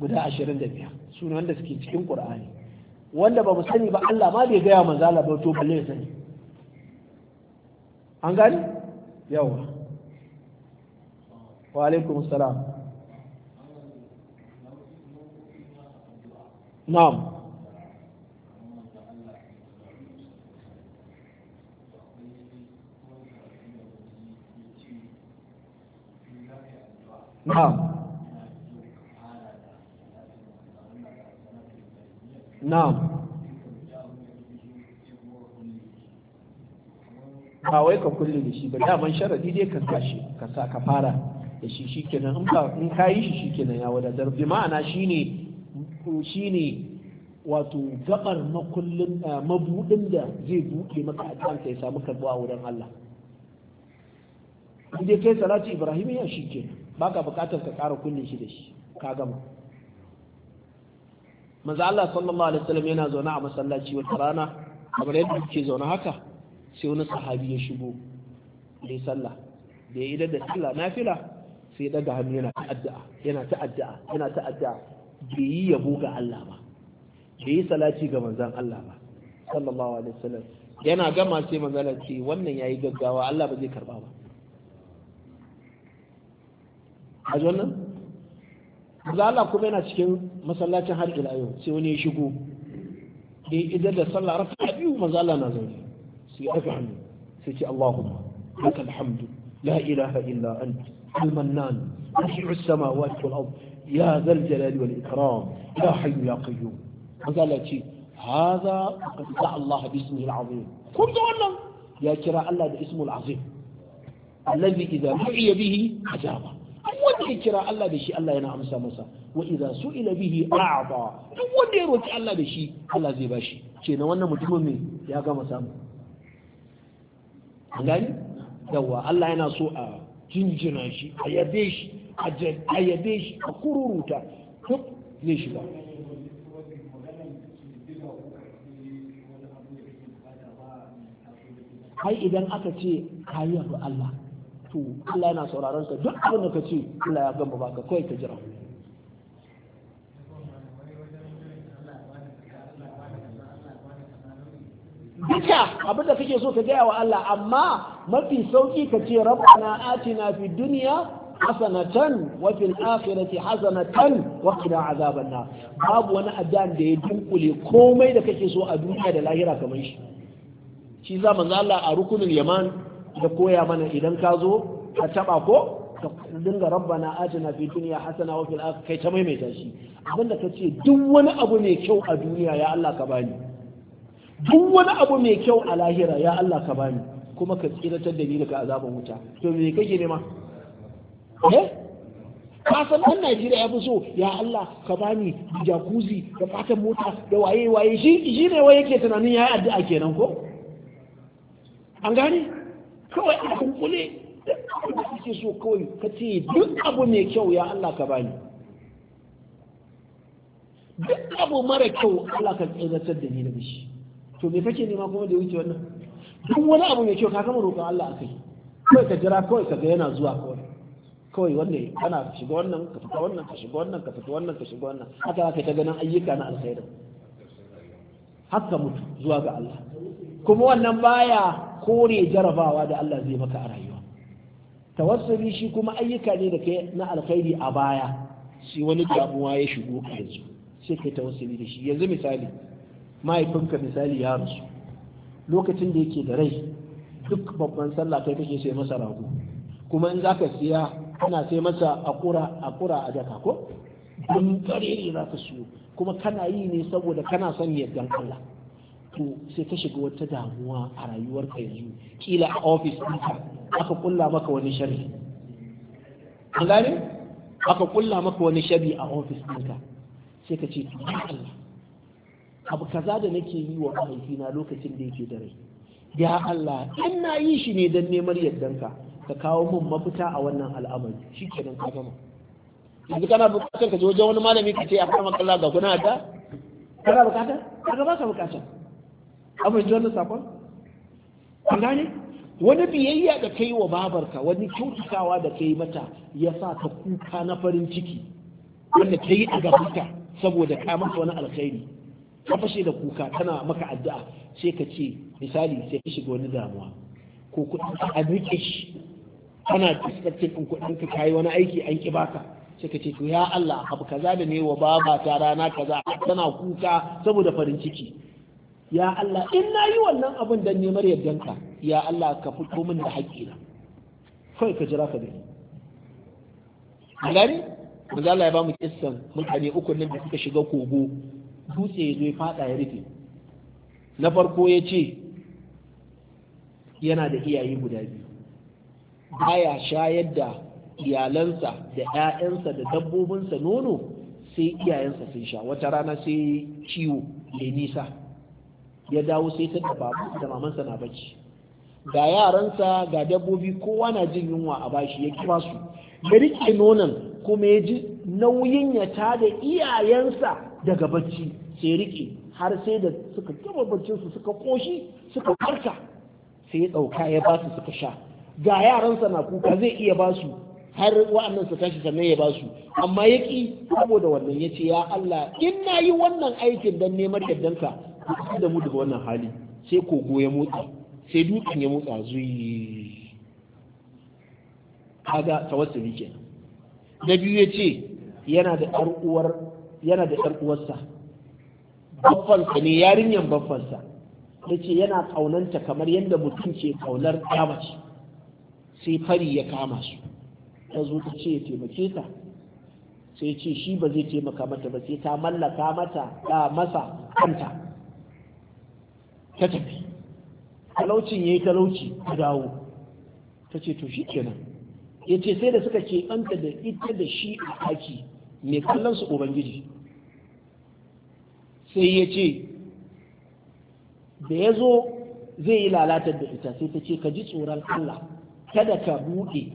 guda 25 su ne wanda suke cikin Qur'ani wanda ba mu sani ba Allah ma bai gaya manzala ba to balle ya sani an gani yawa wa alaikum salam na'am na'am na'am ba wai ka kulle da shi ba daman sharadi dai ka tashi ka sa ka fara da shi shikenan in ka in ka yi shi shikenan ya wadatar bi ma'ana shine shine wato gabar kullun eh, mabudin da zai buɗe maka a ya samu karbuwa wurin Allah in dai kai salatu ibrahim ya shikenan baka bukatar ka ƙara kulle shi da shi ka gama manzo Allah sallallahu alaihi wasallam yana zaune a masallaci wata rana kamar yadda yake zaune haka sai wani sahabi ya shigo da ya sallah da ya idar da sallah fila sai ya daga hannu yana ta'addu'a yana ta'addu'a yana ta'addu'a bai yi yabo ga Allah ba bai yi salati ga manzon Allah ba sallallahu alaihi wasallam yana gama sai manzon ce wannan yayi gaggawa Allah ba zai karba ba a wannan manzon Allah kuma yana cikin masallacin har ila yau sai wani ya shigo da idan da sallah rafa biyu manzon Allah na zaune sai daga hannu sai ce Allahumma laka alhamdu la ilaha illa anta al-mannan nasi'u as-samawati wal ard ya zal jalali wal ikram ya hayyu ya qayyum manzo Allah ce hadha qad da'a Allah bi ismihi al-azim kun ga wannan ya kira Allah da ismul azim alladhi idza du'iya bihi ajaba wanda ya kira Allah da shi Allah yana amsa masa wa idza su'ila bihi a'ta duk wanda ya roki Allah da shi Allah zai bashi kenan wannan mutumin ne ya gama samu gani yawa Allah yana so a jinjina shi a yabe shi a yabe shi a kururuta duk zai shiga kai idan aka ce kayan yi Allah to Allah yana sauraron ka duk abin da ka ce Allah ya gama baka kawai ka jira duka abin da kake so ka gaya wa Allah amma mafi sauki ka ce rabbana atina fi dunya hasanatan wa fil akhirati hasanatan wa qina azaban babu wani addan da ya dunkule komai da kake so a duniya da lahira kamar shi shi za manzo Allah a rukunin yaman da koya mana idan ka zo ka taba ko ka dinga rabbana atina fi dunya hasana wa fil akhirati kai ta maimaita shi abinda kace duk wani abu mai kyau a duniya ya Allah ka bani duk wani abu mai kyau a lahira ya Allah ka bani kuma ka tsiratar da ni daga azaban wuta to me kake nema eh ka san dan Najeriya ya fi so ya Allah ka bani jacuzzi da fatan mota da waye waye shi shi ne waye yake tunanin yayi addu'a kenan ko an gane kawai a kunkule da kake so kawai ka ce duk abu mai kyau ya Allah ka bani duk abu mara kyau Allah ka tsiratar da ni daga shi to me kake nema kuma da wuce wannan duk wani abu mai kyau ka gama roƙon Allah kai kawai ka jira kawai ka ga yana zuwa kawai kawai wannan kana shiga wannan ka fita wannan ka shiga wannan ka fita wannan ka shiga wannan haka za ka ta ganin ayyuka na alkhairi haka mutu zuwa ga Allah kuma wannan baya kore jarabawa da Allah zai maka a rayuwa tawassuli shi kuma ayyuka ne da kai na alkhairi a baya shi wani damuwa ya shigo ka yanzu sai kai tawassuli da shi yanzu misali mahaifinka misali ya rasu lokacin da yake da rai duk babban sallah kai kake sai masa rago kuma in za ka siya kana sai masa akura akura a jaka ko don kare ne za ka siyo kuma kana yi ne saboda kana son yardan Allah to sai ka shiga wata damuwa a rayuwarka yanzu kila a ofis ɗinka aka kulla maka wani sharri an aka kulla maka wani sharri a ofis ɗinka sai ka ce to Allah abu kaza da nake yi wa mahaifina lokacin da yake da rai ya Allah in na yi shi ne don neman yardanka ka kawo min mafita a wannan al'amari shi kenan ka gama yanzu kana bukatar ka je wajen wani malami ka ce a kama kalla ga guna da kana bukata kaga ba ka bukata amma ji wannan sakon an gane wani biyayya da kai wa babarka wani kyautatawa da kai mata ya sa ka kuka na farin ciki wanda ta yi a gabata saboda ka masa wani alkhairi ka fashe da kuka tana maka addu'a sai ka ce misali sai ka shiga wani damuwa ko kuɗin ka an shi kana fuskantar ɗin kuɗin ka kayi wani aiki an ki baka sai ka ce to ya Allah abu kaza da ne wa baba ta rana kaza tana kuka saboda farin ciki ya Allah in na yi wannan abin dan neman yardanka ya Allah ka fito min da na, kawai ka jira ka gani a gani manzo Allah ya ba mu kissan mutane uku nan da suka shiga kogo dutse ya zo ya fada ya rufe na farko ya ce yana da iyaye guda biyu baya shayar da iyalansa da 'ya'yansa da dabbobinsa nono sai iyayensa sun sha wata rana sai ciwo mai nisa ya dawo sai ta da mamansa na bacci ga yaransa ga dabbobi kowa na jin yunwa a bashi ya kira su ya rike nonon kuma ya ji nauyin ya tada iyayensa daga bacci sai riƙe har sai da suka gama baccinsu suka ƙoshi, suka farka sai ya ɗauka ya ba su suka sha ga yaransa na kuka zai iya ba su har wa'annan su tashi sannan ya ba su amma ya ƙi saboda wannan ya ce ya Allah in na yi wannan aikin don neman yardanka ka da mu daga wannan hali sai kogo ya motsa sai dutsen ya motsa zuyi kaga tawassuli kenan na biyu ya ce yana da ɗan uwar yana da ɗan uwarsa baffansa ne yarinyan baffansa Ta ce yana ƙaunanta kamar yadda mutum ke ƙaunar ƙyamace sai fari ya kama su ta zo ta ce ya taimake ta sai ce shi ba zai taimaka mata ba sai ta mallaka mata ta masa kanta ta tafi talaucin ya yi talauci ta dawo ta ce to shi kenan ya ce sai da suka ke ɗanta da ita da shi a ɗaki mai kallon su ubangiji sai ya ce da ya zo zai yi lalatar da ita sai ta ce ka ji tsoron Allah kada ka buɗe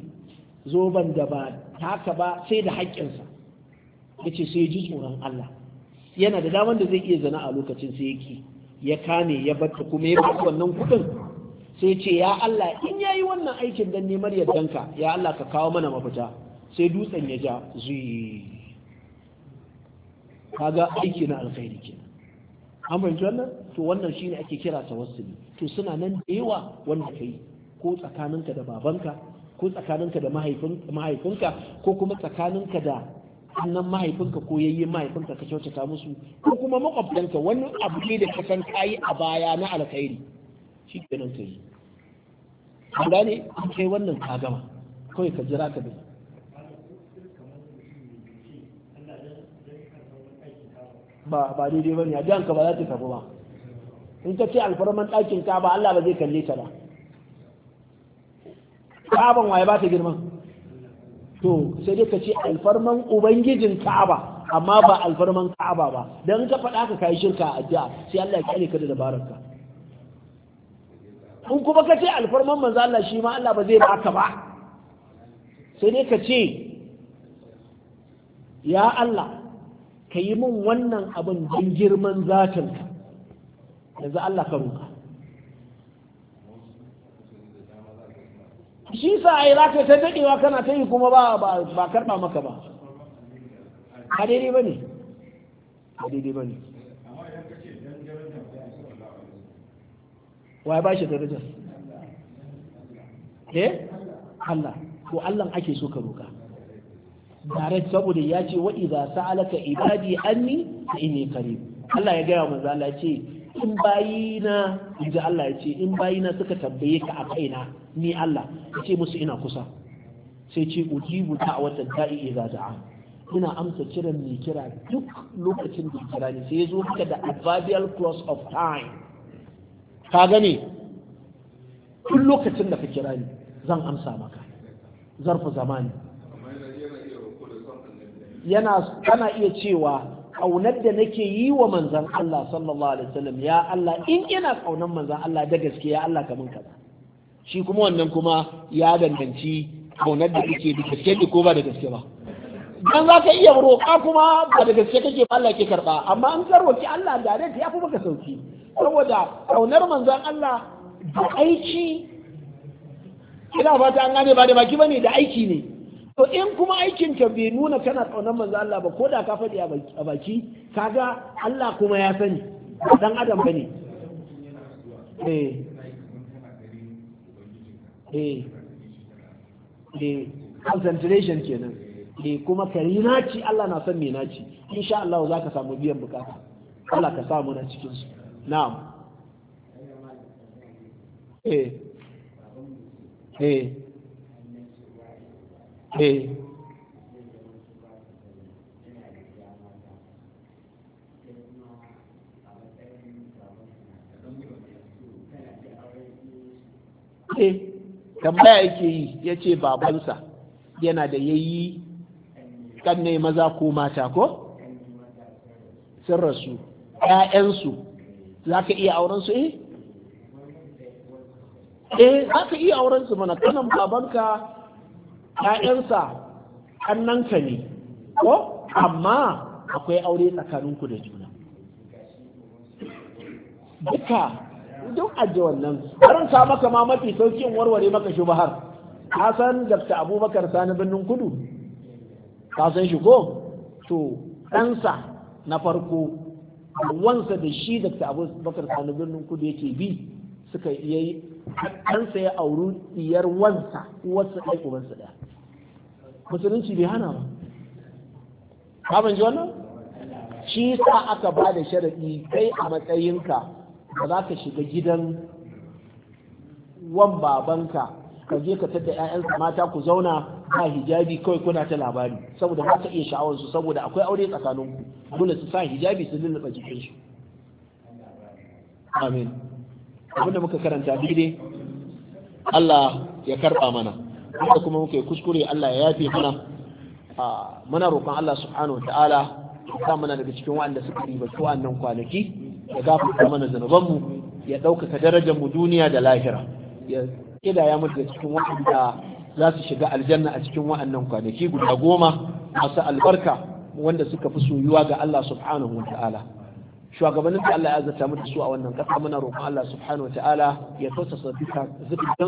zoban da ba taka ba sai da haƙƙinsa ya ce sai ji tsoron Allah yana da daman da zai iya zana a lokacin sai yake ya kame ya batta kuma ya batta wannan kuɗin sai ce ya Allah in ya yi wannan aikin don neman yardanka ya Allah ka kawo mana mafita sai dutsen ya ja zuyi kaga aiki na alkhairi ke an fahimci wannan to wannan shine ake kira tawassuli to suna nan da yawa wanda kai ko tsakaninka da babanka ko tsakaninka da mahaifinka ko kuma tsakaninka da annan mahaifinka ko yayye mahaifinka ka kyautata musu ko kuma makwabtanka wani abu ne da ka san kayi a baya na alkhairi shi kenan ka yi an gane kai wannan ka gama kawai ka jira ka bai. ba ba daidai a addu'an ka ba za ta tafi ba in ka ce alfarman ɗakin ka ba Allah ba zai kalle ta ba Ka'aban waye ba ta girma to sai dai ka ce alfarman ubangijin Ka'aba amma ba alfarman Ka'aba ba dan ka faɗa ka kai shirka a addu'a sai Allah ya kare ka da dabararka in kuma ka ce alfarman manzo Allah shi ma Allah ba zai baka ba sai dai ka ce ya Allah ka yi min wannan abin don girman zatinka yanzu Allah ka roƙa shi sa a yi za ta daɗewa kana ta yi kuma ba karɓa maka ba a daidai ba ne a daidai ba ne wa ba shi darajar eh Allah ko Allah ake so ka roka direct saboda ya ce wa su sa'alaka ibadi anni fa inni qarib Allah ya gaya manzo Allah ya ce in bayina inji Allah ya ce in bayina suka tambaye ka a kaina ni Allah ya ce musu ina kusa sai ce ujibu watan da'i idza da'a ina amsa kiran mai kira duk lokacin da kira ne sai ya zo haka da adverbial clause of time ka gane duk lokacin da ka kira ni zan amsa maka zarfu zamani yana kana iya cewa kaunar da nake yi wa manzan Allah sallallahu alaihi wasallam ya Allah in ina kaunar manzan Allah da gaske ya Allah kaman kaza shi kuma wannan kuma ya danganci kaunar da kake da gaske ko ba da gaske ba dan za ka iya roƙa kuma ba da gaske kake ba Allah ke karba amma an ka ki Allah da dai ya fi maka sauki saboda kaunar manzan Allah da aiki ina fata an gane ba da baki bane da aiki ne to in kuma aikin bai nuna kana kaunar manzo Allah ba ko da ka faɗi a baki kaga Allah kuma ya sani ba dan adam bane eh eh eh concentration kenan eh kuma na ci Allah na san me na ci insha Allah za ka samu biyan bukata Allah ka samu na cikin su na'am eh eh Eh. eh tambaya yake yi ya ce babansa yana da ya yi kanne maza ko mata ko? sun rasu ‘ya'yansu za ka iya aurensu eh? eh za ka iya aurensu mana kanan babanka Ya'yansa kannanka ne ko amma akwai aure tsakaninku da juna duka duk ajiye wannan barin sa maka ma mafi saukin warware maka shubahar ka san dafta abubakar sani birnin kudu ka san shi ko to ɗansa na farko wansa da shi dafta abubakar sani birnin kudu yake bi suka iya yi ɗansa ya auri diyar wansa wasu ɗai ubansa ɗaya musulunci bai hana ba ka ban ji wannan shi sa aka ba da sharadi kai a matsayinka ba za ka shiga gidan wan babanka ka je ka tada ƴaƴansa mata ku zauna ba hijabi kawai kuna ta labari saboda ba iya sha'awar su saboda akwai aure tsakaninku dole su sa hijabi su lulluɓa jikinsu amin abinda muka karanta daidai Allah ya karɓa mana haka kuma muke kuskure Allah ya yafe mana muna roƙon Allah subhanahu wataala ya sa mana daga cikin waɗanda suka riba ko annan kwanaki ya gafarta mana zanubanmu ya ɗaukaka darajar mu duniya da lahira ya kidaya mu daga cikin waɗanda za su shiga aljanna a cikin waɗannan kwanaki guda goma masu albarka wanda suka fi soyuwa ga Allah subhanahu wataala shugabannin da Allah ya azurta mu da su a wannan kasa muna roƙon Allah subhanahu wataala ya tausasa duka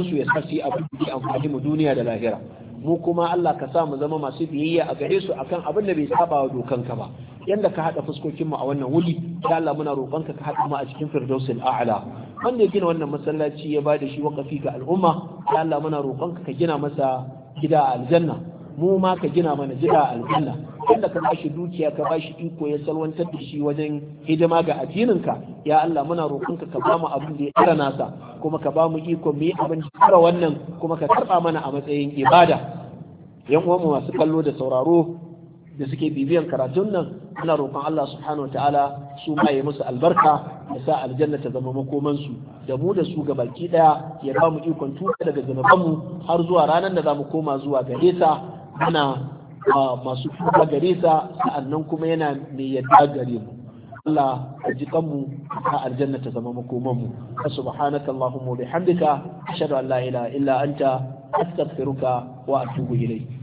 su ya sa su yi amfani mu duniya da lahira mu kuma Allah ka sa mu zama masu biyayya a gare su akan abin da bai saba wa dokanka ba yanda ka hada fuskokin mu a wannan wuri ya Allah muna roƙon ka ka hada mu a cikin firdausil a'la wanda ya gina wannan masallaci ya bada shi wakafi ga al'umma ya Allah muna roƙon ka ka gina masa gida a aljanna mu ma ka gina mana gida a aljanna Allah ka bashi dukiya ka bashi iko ya salwantar da shi wajen hidima ga addininka ya Allah muna roƙonka ka bamu abin da ya tsara nasa kuma ka bamu iko mu yi abin da tsara wannan kuma ka karɓa mana a matsayin ibada yan uwanmu masu kallo da sauraro da suke bibiyan karatun nan ana roƙon Allah subhanahu ta'ala su ma musu albarka ya sa aljanna ta zama makoman su da mu da su ga baki daya ya ba mu ikon tuka daga zanaban mu har zuwa ranar da za mu koma zuwa gare ta ana masu tuba gare sa sa'annan kuma yana mai yadda gare mu Allah a ji kanmu a aljanna ta zama makoman mu subhanaka allahumma bihamdika ashhadu an la ilaha illa anta astaghfiruka wa atubu ilayk